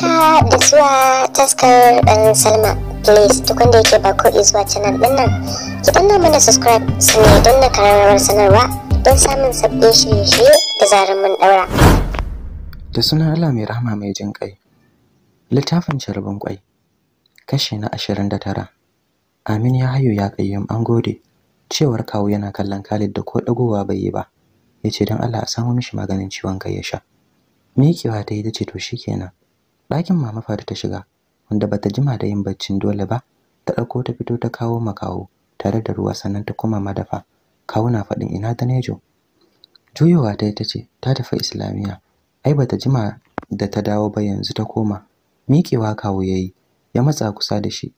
haka da zuwa taskar dan salma please duk wanda yake ba ko zuwa canal din nan ki danna mana subscribe su ne don na kararrawar sanarwa don samun sabbin shirye-shirye da zarar mun daura da sunan allah mai rahama mai jin kai littafin jarabin kwai kashi na ashirin da tara amin ya hayo ya kayyam an gode cewar kawo yana kallon khalid da ko ɗagowa bai yi ba ya ce don allah a samo mishi maganin ciwon kai ya sha Me wa ta yi ta ce to shikenan ɗakin mama fari ta shiga wanda bata jima da yin baccin dole ba ta ɗauko ta fito ta kawo makawo tare da ruwa sannan ta koma madafa kawo na faɗin ina ta nejo juyowa ta ita ce ta tafi islamiyya ai bata jima da ta dawo ba yanzu ta koma miƙewa kawo ya yi, ya matsa kusa da shi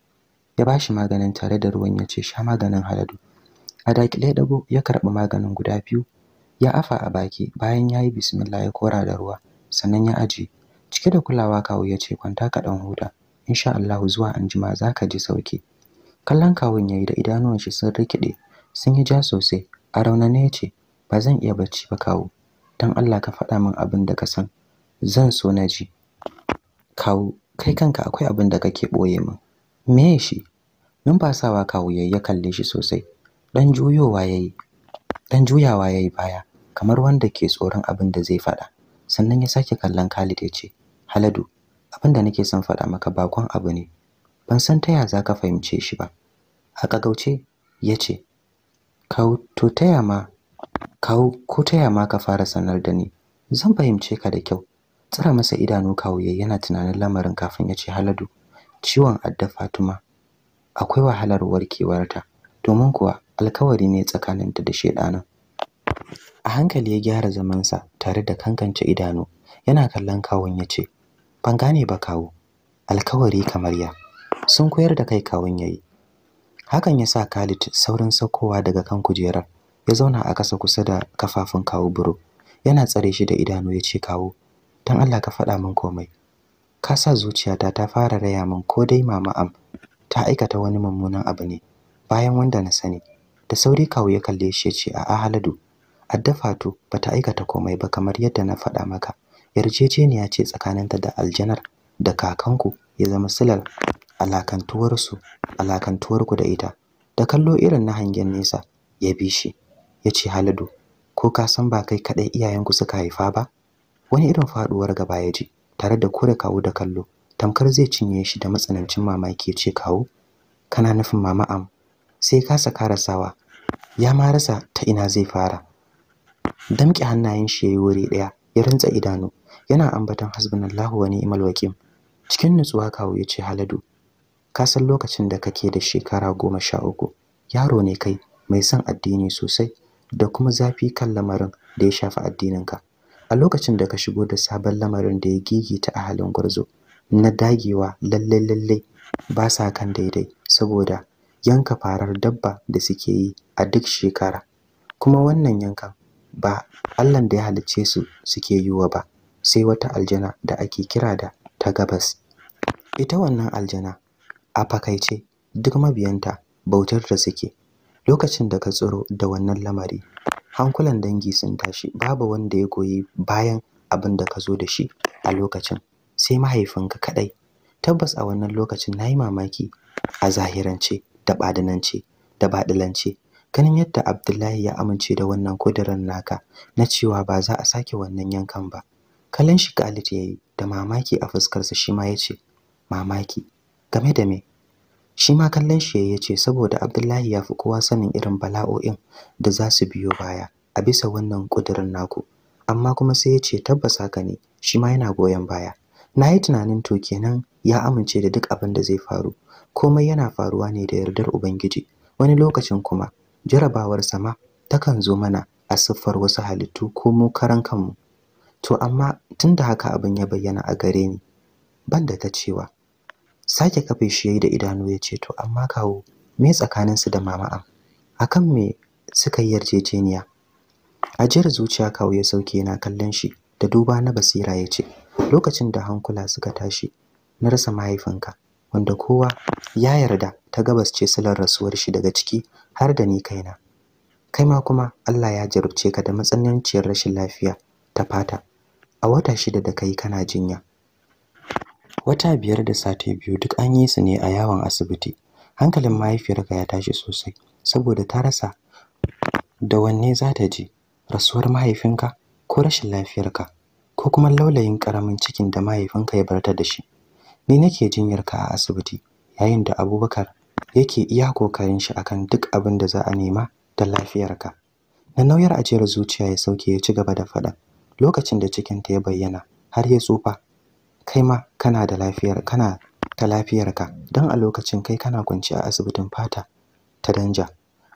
ya ba shi maganin tare da ruwan ya ce sha maganin haladu a dakile ɗago ya karɓi maganin guda biyu ya afa a baki bayan ya yi bismillah ya kora da ruwa sannan ya ajiye Cike da kulawa kawu ya ce kwanta ka dan huta. Insha Allahu zuwa anjima za ka ji sauki. Kallon kawun yayi da idanuwan shi sun rikide sun yi ja sosai a raunane ya ce ba zan iya bacci ba kawu. dan Allah ka faɗa min abin da ka san. Zan so na ji. Kawu kai kanka akwai abin da kake ɓoye min. Me shi? Numfasawa kawu yayi ya kalle shi sosai. Dan juyowa yayi Dan juyawa yayi baya kamar wanda ke tsoron abin da zai faɗa. Sannan ya sake kallon Khalid ya ce Haladu, abin da nake son faɗa maka bakon abu ne. Ban san ta za ka fahimce shi ba. Haka gauce yace. ce, Kau, ko taya ma ka fara sanar da ni, zan fahimce ka da kyau. Tsira masa idanu kawuye yana tunanin lamarin kafin ya ce Haladu, ciwon adda Fatuma, akwai wahalar warkewarta, domin kuwa alkawari ne tsakaninta da shaidanin. A hankali ya gyara zamansa tare da kankance idanu, yana kallon kawun ya ce, ban gane ba kawo alkawari kamar ya sun koyar da kai kawun yayi hakan ya sa Khalid saurin saukowa daga kan kujerar ya zauna a kasa kusa da kafafun kawo buro yana tsare shi da idanu ya ce kawo Don Allah ka faɗa min komai ka sa zuciyata ta fara raya min ko dai mama am ta aikata wani mummunan abu ne bayan wanda na sani da sauri kawo ya kalle shi ya ce A Haladu addafa to ta aikata komai ba kamar yadda na faɗa maka yarjejeniya ce tsakaninta da aljanar da kakanku ya zama silar alakantuwarsu alakantuwarku da ita da kallo irin na hangen nesa ya bi shi ya ce haladu ko ka san ba kai kaɗai iyayenku suka haifa ba wani irin faɗuwar gaba ya ji tare da kore kawo da kallo tamkar zai cinye shi da matsanancin mamaki ya ce kawo kana nufin mama am sai kasa karasawa ya ma rasa ta ina zai fara damƙe hannayen shi ya yi wuri ɗaya ya rantsa idanu yana ambaton hasbunallahu wa ni'mal wakil cikin nutsuwa kawo ya haladu ka san lokacin da kake da shekara goma sha uku yaro ne kai mai son addini sosai da kuma zafi kan lamarin da ya shafi addininka a lokacin da ka shigo da sabon lamarin da ya gigita a halin gwarzo na dagewa lalle lalle ba sa kan daidai saboda yanka farar dabba da suke yi a duk shekara kuma wannan yankan ba Allah da ya halicce su suke yiwa ba sai wata aljana da ake kira da ta gabas ita wannan aljana a fakaice duk mabiyanta bautar da suke lokacin da ka tsoro da wannan lamari hankulan dangi sun tashi babu wanda ya goyi bayan abin da ka zo da shi a lokacin sai mahaifinka kadai tabbas a wannan lokacin na yi mamaki a zahirance da badinance da badilance ganin yadda Abdullahi ya amince da wannan kudirin naka na cewa ba za a sake wannan yankan ba kallon shi Khalid yayi da mamaki a fuskarsa shi ma yace mamaki game da me shi ma kallon shi yayi yace saboda Abdullahi ya fi kowa sanin irin bala'o'in da za su biyo baya a bisa wannan kudirin naku amma kuma sai yace tabbas haka ne shima yana goyon baya na yi tunanin to kenan ya amince da duk abin da zai faru komai yana faruwa ne da yardar ubangiji wani lokacin kuma jarabawar sama takan zo mana a siffar wasu halittu ko mu karan kanmu to amma tun da haka abin ya bayyana a gare ni ban da ta cewa sake kafe shi yayi da idanu ya ce to amma kawo me tsakaninsu da mama am akan me suka yi yarjejeniya ajiyar zuciya kawo ya sauke yana kallon shi da duba na basira ya ce lokacin da hankula suka tashi na rasa mahaifinka wanda kowa ya yarda ta gabas ce silar rasuwar shi daga ciki har da ni kaina kai ma kuma Allah ya jarabce ka da matsananciyar rashin lafiya ta fata a wata shida da kai kana jinya wata biyar da sati biyu duk an yi su ne a yawon asibiti hankalin mahaifiyarka ya tashi sosai saboda ta rasa da wanne za ta ji, rasuwar mahaifinka ko rashin lafiyarka ko kuma laulayin karamin cikin da mahaifinka ya barta da shi ni nake jinyarka a asibiti yayin da abubakar yake iya kokarin shi akan duk abin da za a nema da lafiyarka na nauyar ajiyar zuciya ya sauke ya ci gaba da faɗa lokacin da cikinta ya bayyana har ya tsufa kai ma kana da lafiyar kana ta lafiyarka don a lokacin kai kana kwanci a asibitin fata ta danja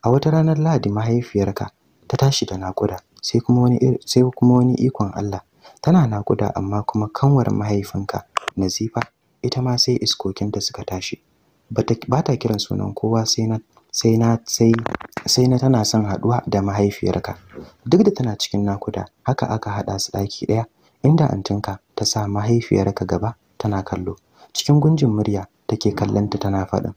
a wata ranar lahadi mahaifiyarka ta tashi da naƙuda sai kuma wani ikon Allah tana naƙuda amma kuma kanwar mahaifinka Nazifa ita ma sai iskokin iskokinta suka tashi Ba ta kiran sunan kowa sai na sai na sai sai na tana son haduwa da mahaifiyarka duk da tana cikin nakuda haka aka hada su daki daya inda antinka ta sa mahaifiyarka gaba tana kallo cikin gunjin murya take kallanta tana faɗin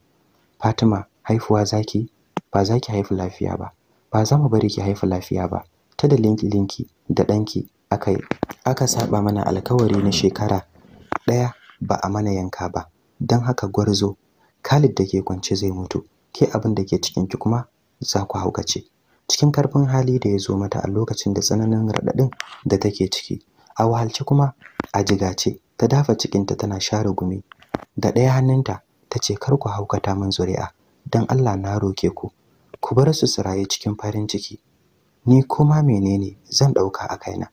Fatima haifuwa zaki ba zaki haifu lafiya ba ba za mu bari ki haifu lafiya ba ta da linki linki da danki aka aka saba mana alkawari na shekara daya ba a mana yanka ba don haka gwarzo Khalid da ke kwance zai mutu ke abin da ke cikin ki kuma za ku haukace cikin karfin hali da ya zo mata a lokacin da tsananin raɗaɗin da take ciki a wahalce kuma a jigace ta dafa cikinta tana share gumi da ɗaya hannunta ta ce kar ku haukata min zuri'a don allah na roke ku ku bar su tsiraye cikin farin ciki ni kuma menene zan ɗauka a kaina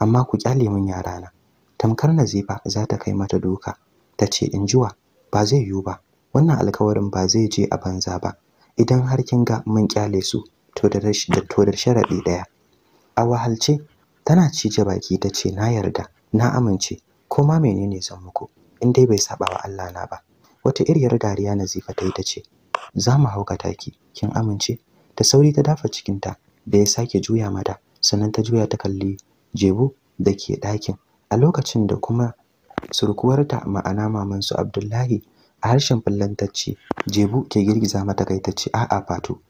amma ku kyale min yarana tamkar nazifa za ta kai mata doka ta ce injuwa ba zai yiwu ba wannan alkawarin ba zai je a banza ba idan har kin ga mun kyale su to da to da sharadi daya a wahalce tana cije baki ta ce na yarda na amince ko ma menene zan muku in dai bai saba wa Allah na ba wata iriyar dariya Nazifa ta yi ta ce za mu haukata ki kin amince ta sauri ta dafa cikinta da ya sake juya mata sannan ta juya ta kalli jebu da ke ɗakin a lokacin da kuma surkuwarta ma'ana mamansu abdullahi a harshen ce, Jebu ke girgiza mata kai tace a'a Fatu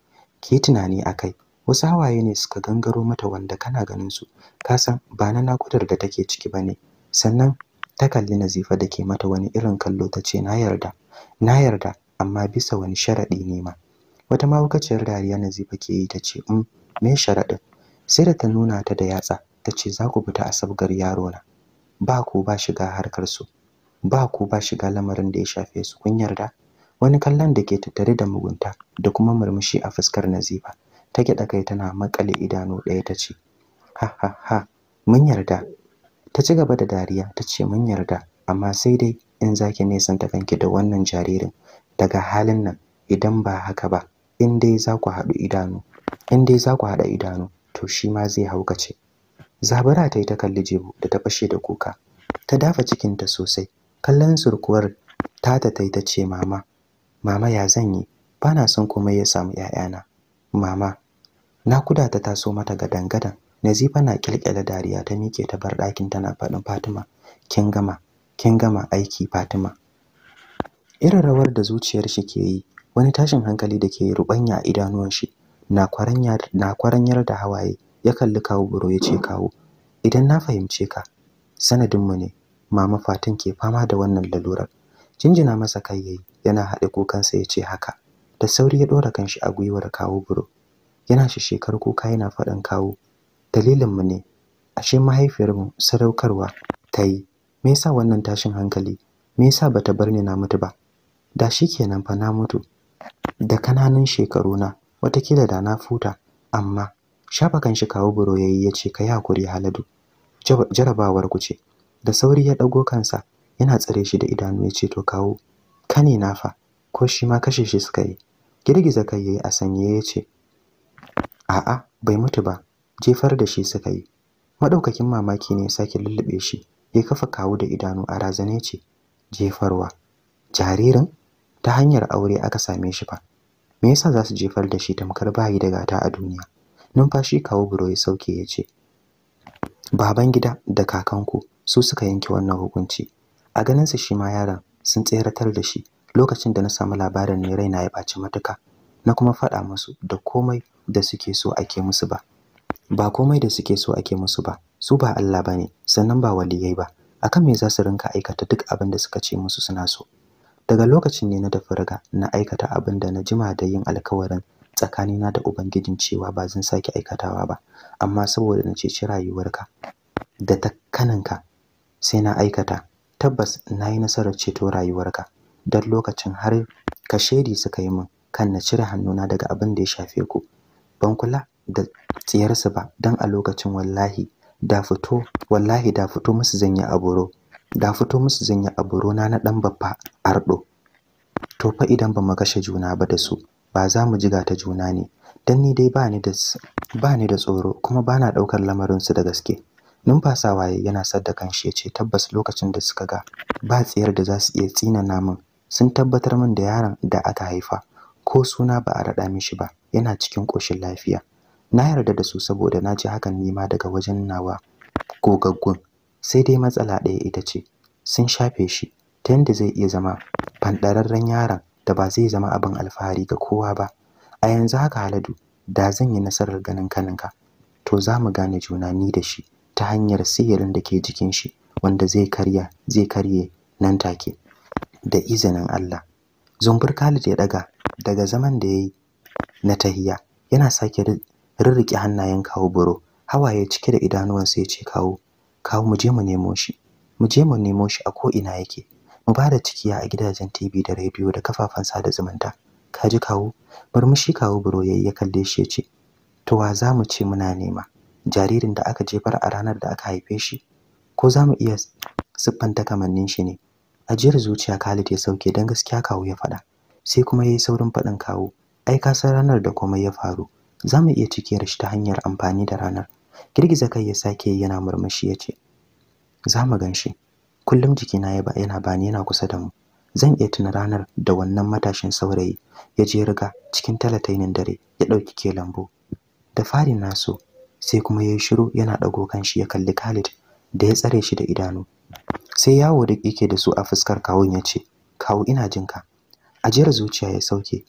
ke tunani a kai. wasu hawaye ne suka gangaro mata wanda kana ganin su ka san ba na nakudar da take ciki ba ne.' sannan ta kalli Nazifa da ke mata wani irin kallo ta ce, na yarda na yarda amma bisa wani sharaɗi ne ma wata mahaukaciyar dariya Nazifa ke yi tace um mm, me sharaɗin.' sai da ta nuna ta da yatsa ta ce za ku fita a sabgar yaro na ba ku ba shiga harkar su ba ku ba shiga lamarin da ya shafe su kun yarda wani kallon da ke tattare da mugunta da kuma murmushi a fuskar Nazifa ta gyaɗa kai tana makale idanu ɗaya ta ce ha ha ha mun yarda ta ci gaba da dariya ta ce mun yarda amma sai dai in zaki nesanta kanki da wannan jaririn daga halin nan idan ba haka ba in dai za ku haɗu idanu in dai za ku haɗa idanu to shi ma zai haukace zabura ta yi ta kalli jebu da ta fashe da kuka ta dafa cikinta sosai kallon surkuwar ta tai ta ce mama mama ya zan yi bana son komai ya samu 'ya'yana. mama Na nakuda ta taso mata gadan-gadan nazifa na kilkile dariya ta mike ta bar ɗakin tana faɗin fatima kin gama kin gama aiki fatima irin rawar da zuciyar shi ke yi wani tashin hankali da ke rubanya a idanuwan shi na kwaranyar da hawaye ya kalli kawo buro ya ce kawo idan na fahimce ka sanadin mu ne mama Fatin ke fama da wannan lalurar. Jinjina masa kai yayi yana haɗe kukansa ya ce haka. Da sauri ya ɗora kanshi a gwiwar kawo buro. Yana shi shishekar kuka yana faɗin kawo. Dalilinmu ne, ashe mahaifiyarmu sadaukarwa ta yi. Me yasa wannan tashin hankali? Me yasa bata bar ni na mutu ba? Da shi kenan fa na mutu. Da kananan shekaruna, watakila da na futa, amma shafa kanshi kawo buro yayi ya ce ka yi hakuri Haladu. Jarabawar ku ce. da sauri ya ɗago kansa yana tsare shi da idanu ya ce to kawo kane na fa ko shi ma kashe shi suka yi girgiza kai yayi a sanye ya ce a'a bai mutu ba jefar da shi suka yi madaukakin mamaki ne sake lullube shi ya kafa kawo da idanu a razane ce jefarwa jaririn ta hanyar aure aka same shi fa me yasa za su jefar da shi tamkar bayi da gata a duniya numfashi kawo buro ya sauke ya ce baban gida da kakanku su suka yanke wannan hukunci a ganin su shi ma yaron sun tseratar da shi lokacin da na samu labarin ne raina ya baci matuka na kuma faɗa musu da komai da suke so ake musu ba ba komai da suke so ake musu ba su ba Allah ba ne, sannan ba waliyai ba akan me za su rinka aikata duk abin da suka ce musu suna so daga lokacin ne na dafa riga na aikata abin da na jima da yin alkawarin tsakanina da ubangijin cewa ba zan sake aikatawa ba amma saboda na ceci rayuwarka da ta kananka sai na aikata tabbas na yi nasarar ceto rayuwarka don lokacin har ka shaidi suka yi min kan na cire hannuna daga abin da ya shafe ku ban kula da tsiyarsu ba don a lokacin wallahi da fito wallahi da fito musu zanyi aburo da fito musu aburo na na dan babba ardo to fa idan ba mu kashe juna ba da su ba za mu jiga ta juna ne dan ni dai bani da da tsoro kuma bana daukar lamarin su da gaske numfasawa waye yana sadda kanshi ce tabbas lokacin da suka ga ba tsiyar da za su iya tsina namun sun tabbatar min da yaron da aka haifa ko suna ba a raɗa mishi ba yana cikin ƙoshin lafiya na yarda da su saboda na ji hakan nima daga wajen nawa gogaggun sai dai matsala ɗaya ita ce sun shafe shi ta yadda zai iya zama fanɗararren yaron da ba zai zama abin alfahari ga kowa ba a yanzu haka haladu da zan yi nasarar ganin kaninka to za mu gane juna ni da shi ta hanyar sihirin da ke jikin shi wanda zai karya zai karye nan take da izinin Allah zumbur Khalid ya daga daga zaman da yayi na tahiya yana sake rirrike hannayen kawo buro hawaye cike da idanuwansu ya ce kawo kawo mu je mu nemo shi mu je mu nemo shi a ko ina yake mu ba da cikiya a gidajen TV da rediyo da kafafen sada zumunta kaji kawo murmushi kawo buro yayi ya kalle shi ya ce to wa za mu ce muna nema jaririn da aka jefar a ranar da aka haife shi ko za mu iya siffanta kamannin shi ne ajiyar zuciya Khalid ya sauke don gaskiya kawo ya faɗa sai kuma ya yi saurin faɗin kawo ai ka san ranar da komai ya faru za mu iya cikiyar shi ta hanyar amfani da ranar girgiza kai ya sake yana murmushi ya ce za mu gan shi kullum jikina ya yana bani yana kusa da mu zan iya tuna ranar da wannan matashin saurayi ya je riga cikin talatainin dare ya ɗauki ke lambu da fari na so sai kuma yayi shiru yana dago shi ya kalli Khalid da ya tsare shi da idanu sai yawo da yake da su a fuskar kawun ya ce kawu ina jinka ajiyar zuciya ya sauke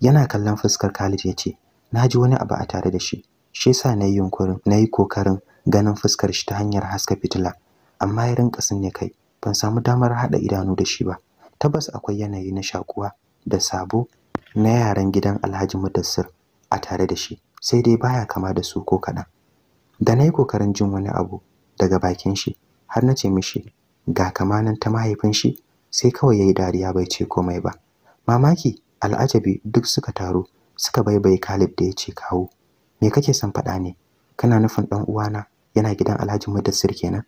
yana kallon fuskar Khalid ya ce naji wani abu a tare da shi shi yasa nayi yunkurin nayi kokarin ganin fuskar shi ta hanyar haska fitila amma ya rinka ne kai ban samu damar hada idanu da shi ba tabbas akwai yanayi na shakuwa da sabo na yaran gidan Alhaji Mudassir a tare da shi sai dai baya kama da su ko kaɗan da na yi kokarin jin wani abu daga bakin shi har na ce mishi ga kamanan ta mahaifin shi sai kawai ya yi dariya bai ce komai ba mamaki al'ajabi duk suka taru suka baibai Kalib da ya ce kawo me kake son faɗa ne kana nufin ɗan uwana yana gidan Alhaji Mudassir kenan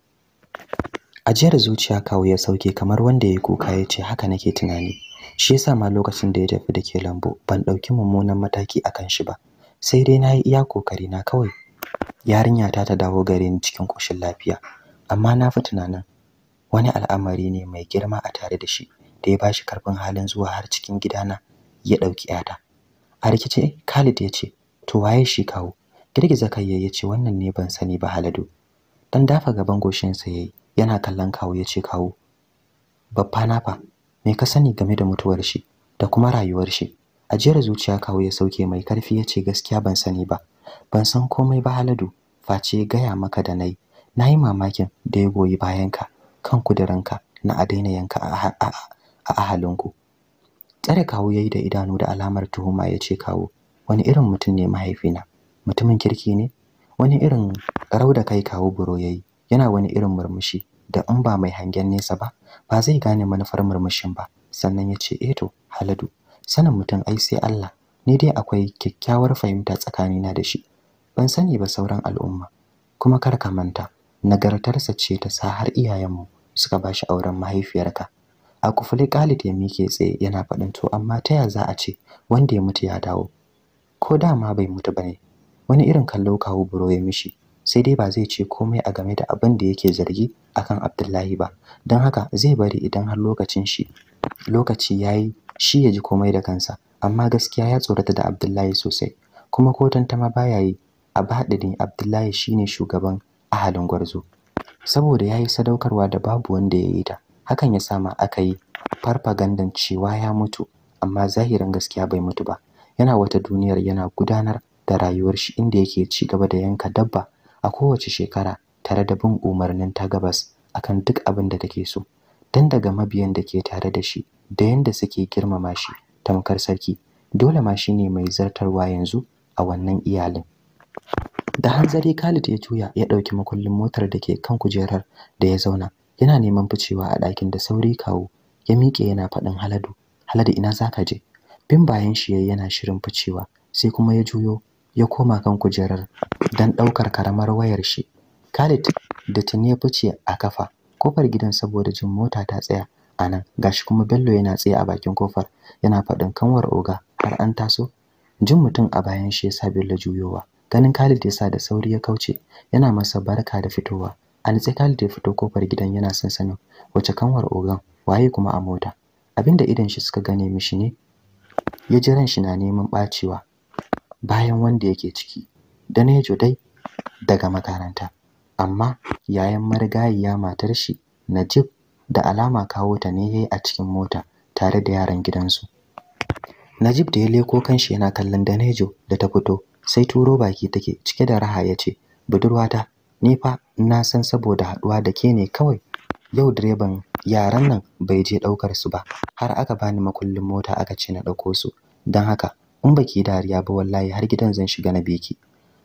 ajiyar zuciya kawo ya sauke kamar wanda ya yi kuka ya ce haka nake tunani shi yasa ma lokacin da ya tafi da ke lambu ban ɗauki mummunan mataki akan shi ba sai dai na yi iya kokari na kawai yarinya ta ta dawo gare ni cikin koshin lafiya amma na fi tunanin wani al'amari ne mai girma a tare da shi da ya bashi karfin halin zuwa har cikin gidana ya dauki yata a rikice Khalid ya ce to waye shi kawo girgiza kai ya ce wannan ne ban sani ba Haladu dan dafa gaban goshin sa yayi yana kallon kawo ya ce kawo babba na me ka sani game da mutuwar shi da kuma rayuwar shi ajiyar zuciya kawo ya sauke mai karfi ya ce gaskiya ban sani ba ban san komai ba haladu face gaya maka da nai na yi mamakin da ya goyi bayanka kan kudiranka na a daina yanka a ahalinku tsare kawo ya yi da idanu da alamar tuhuma ya ce kawo wani irin mutum ne mahaifina mutumin kirki ne wani irin karau da kai kawo buro ya yi yana wani irin murmushi da in ba mai hangen nesa ba ba zai gane manufar murmushin ba sannan ya ce eto eh haladu sanin mutum ai sai Allah ne dai akwai kyakkyawar fahimta tsakanina da shi ban sani ba sauran al'umma kuma kar ka manta nagartarsa ce ta sa har iyayenmu suka ba shi auren mahaifiyarka a kufule Khalid ya mike tsaye yana faɗin to amma ta ya za a ce wanda ya mutu ya dawo ko dama bai mutu ba ne? wani irin kallo kawo buro ya mishi sai dai ba zai ce komai a game da abin da yake zargi akan Abdullahi ba don haka zai bari idan har lokacin shi lokaci yayi shi ya ji komai da kansa amma gaskiya ya tsorata da Abdullahi sosai kuma ko tantama baya yi a baɗini Abdullahi shine shugaban ahalin gwarzo saboda ya yi sadaukarwa da babu wanda ya yi ta hakan ya sama aka yi farfagandan cewa ya mutu amma zahirin gaskiya bai mutu ba yana wata duniyar yana gudanar da rayuwar shi inda yake ci gaba da yanka dabba a kowace shekara tare da bin umarnin ta gabas akan duk abin da take so dan daga mabiyan da ke tare da shi da yanda suke girmama shi tamkar sarki dole ma shine mai zartarwa yanzu a wannan iyalin da hanzari Khalid ya juya ya dauki makullin motar da ke kan kujerar da ya zauna yana neman ficewa a ɗakin da sauri kawo ya miƙe yana faɗin Haladu Haladu ina zaka je bin bayan shi yana shirin ficewa sai kuma ya juyo ya koma kan kujerar dan daukar karamar wayar shi Khalid da tuni ya fice a kafa kofar gidan saboda jin mota ta tsaya anan gashi kuma Bello yana tsaye a bakin kofar yana faɗin kanwar oga har an taso jin mutum a bayan shi yasa Bello juyowa ganin Khalid yasa da sauri ya kauce yana masa barka da fitowa a nitse Khalid ya fito kofar gidan yana son sanin wace kanwar ogan waye kuma a mota abinda idan shi suka gane mishi ne ya ji ran shi na neman bacewa bayan wanda yake ciki da Nejo dai daga makaranta amma yayan marigayiya matar shi Najib da alama kawo ta ne yayi a cikin mota tare da yaran gidansu Najib da ya leko kanshi yana kallon Danejo da ta fito sai turo baki take cike da raha ya ce. budurwata ni fa na san saboda haduwa da ke ne kawai yau direban yaran nan bai je ɗaukar su ba har aka bani makullin mota aka ce na ɗauko su don haka in baki dariya ba wallahi har gidan zan shiga na biki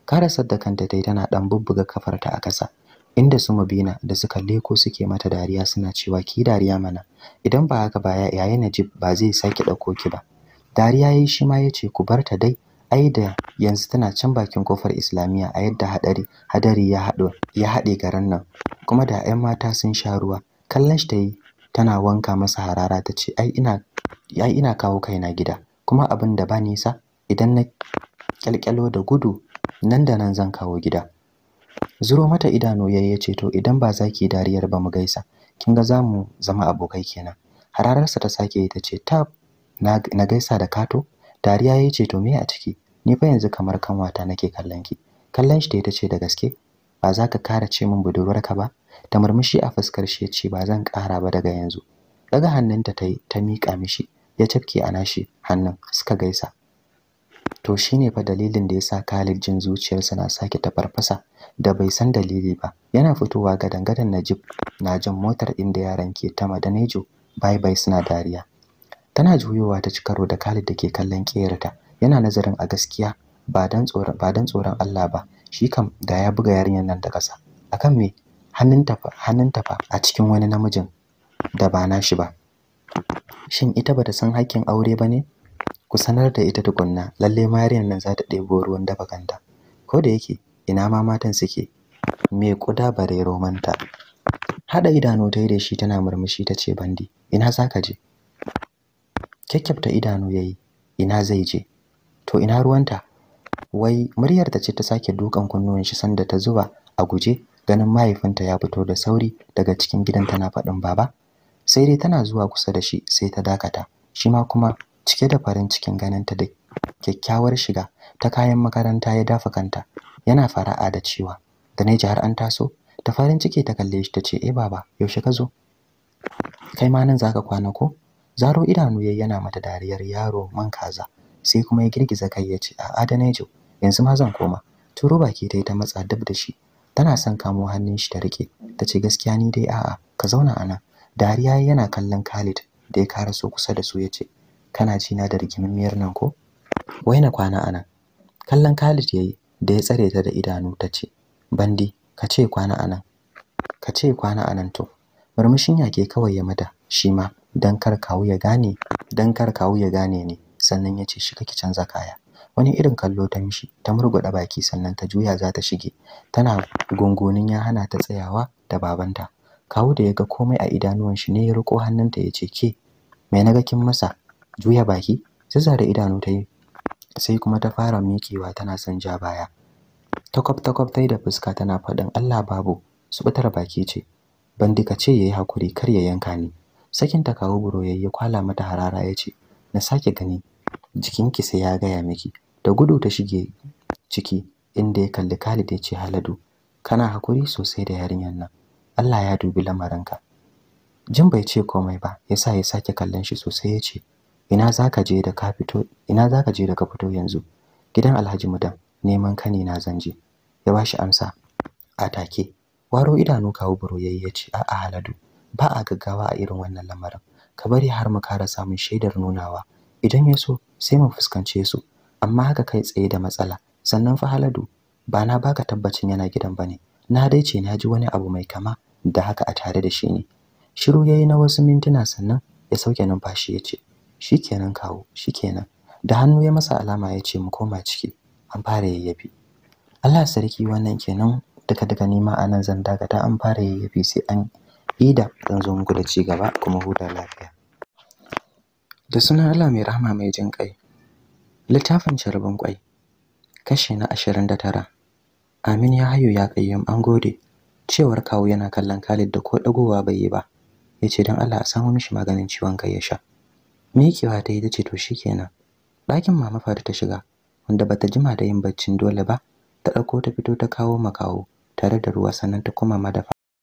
karasar da kanta tai tana ɗan bubbuga kafarta a kasa inda su Mubina da suka leko suke mata dariya suna cewa ki dariya mana idan ba haka ba yaya Najib ba zai sake dauko ki ba dariya yayi shi ma yace ku barta dai ai da yanzu tana can bakin kofar Islamiya a yadda hadari hadari ya hado ya hade garan nan kuma da ƴan mata sun sha ruwa kallon shi tayi tana wanka masa harara tace ai ina ai ina kawo kaina gida kuma abin da ba nisa idan na kyalkyalo da gudu nan da nan zan kawo gida zuro mata idanu yayi ya ce to idan ba za ki dariyar ba mu gaisa kin ga za mu zama abokai kenan hararsa ta sake yi ta ce ta na gaisa da kato dariya yayi ce to me a ciki ni fa yanzu kamar kanwata nake kallon ki kallon shi ta ce da gaske ba za ka kara ce min budurwarka ba ta murmushi a fuskar shi ya ce ba zan kara ba daga yanzu daga hannunta ta yi ta miƙa mishi ya cafke a nashi hannun suka gaisa to shine fa dalilin da yasa Khalid jin zuciyarsa na sake tafarfasa da bai san dalili ba yana fitowa gadan-gadan Najib na jin motar inda yaran ke ta madanejo bye bye suna dariya tana juyowa ta ci karo da Khalid da ke kallon ƙerata yana nazarin a gaskiya ba dan tsoron Allah ba shi kam da ya buga yarinyar nan da ƙasa akan me hannun tafa hannun a cikin wani namijin da ba nashi ba shin ita bata san hakkin aure ba ne ku sanar da ita tukunna lalle mariyar nan za ta ɗebo ruwan dafa kanta ko da yake ina ma matan suke me kuda bare romanta hada idanu ta da shi tana murmushi ta ce bandi ina za je kyakkyafta idanu yayi ina zai je to ina ruwanta wai muryar ta ce ta sake dukan kunnuwan shi sanda ta zuba a guje ganin mahaifinta ya fito da sauri daga cikin gidan tana faɗin baba sai dai tana zuwa kusa da shi sai ta dakata shi ma kuma cike da farin cikin ganin ta da kyakkyawar shiga ta kayan makaranta ya dafa kanta yana fara'a da cewa da naji har an taso ta farin ciki ta kalle shi tace eh baba yaushe ka zo kai ma nan zaka kwana ko zaro idanu yayi yana mata dariyar yaro man kaza sai kuma ya girgiza kai ya yace a'a da na ji, yanzu ma zan koma turo baki dai ta matsa dab da shi tana son kamo hannun shi ta rike tace gaskiya ni dai a'a ka zauna ana? dariya yana kallon Khalid da ya so kusa da su yace kana ji na da rigimin miyar nan ko wai na kwana anan kallon Khalid yayi da ya tsare ta da idanu ta ce bandi ka ce kwana anan ka ce kwana anan to murmushin yake kawai ya mata shi ma dan kar kawu ya gane dan karkawu ya gane ne sannan ya ce shi kake canza kaya wani irin kallo ta mishi ta murguɗa baki sannan ta juya za ta shige tana gungunin ya hana ta tsayawa da babanta kawu da ya ga komai a idanuwan shi ne ya riko hannunta ya ce ke me ga kin masa juya baki zazzare idanu ta yi sai kuma ta fara mikewa tana son ja baya takwab takwab tai da fuska tana faɗin Allah babu subutar baki ce bandika ce yayi hakuri kar ya yanka ni sakin ta kawo buro ya kwala mata harara ya ce na sake gani jikinki sai ya gaya miki da gudu ta shige ciki inda ya kalli Khalid ya ce Haladu kana hakuri sosai da yarinyar nan Allah ya dubi lamarinka jin bai ce komai ba yasa ya sake kallon shi sosai ya ce ina zaka je da ka fito je da ka fito yanzu gidan Alhaji Mudan neman kani na zanje ya bashi amsa a take waro idanu kawo buro yayi yace a'a Haladu ba a gaggawa a irin wannan lamarin ka bari har mu kara samun shaidar nunawa idan ya so sai mu fuskance su amma haka kai tsaye da matsala sannan fa Haladu ba na baka tabbacin yana gidan bane na dai ce na ji wani abu mai kama da haka a tare da shi ne shiru yayi na wasu mintuna sannan ya sauke numfashi ce. shikenan kawo shikenan da hannu ya masa alama ya ce mu koma ciki an fara yayyafi Allah sarki wannan kenan duka duka nima a nan zan dakata an fara yayyafi sai an ida zan zo muku da ci gaba kuma huta lafiya da sunan Allah mai rahama mai jin kai littafin sharbin kwai kashi na 29 Amin ya hayo ya kayyam an gode cewar kawo yana kallon Khalid da ko dagowa bai yi ba yace dan Allah a samu mishi maganin ciwon kai ya sha miƙewa ta yi ta ce to shi kenan, ɗakin mama Fari ta shiga wanda ba ta jima da yin baccin dole ba ta ɗauko ta fito ta kawo makawo tare da ruwa sannan ta koma madafa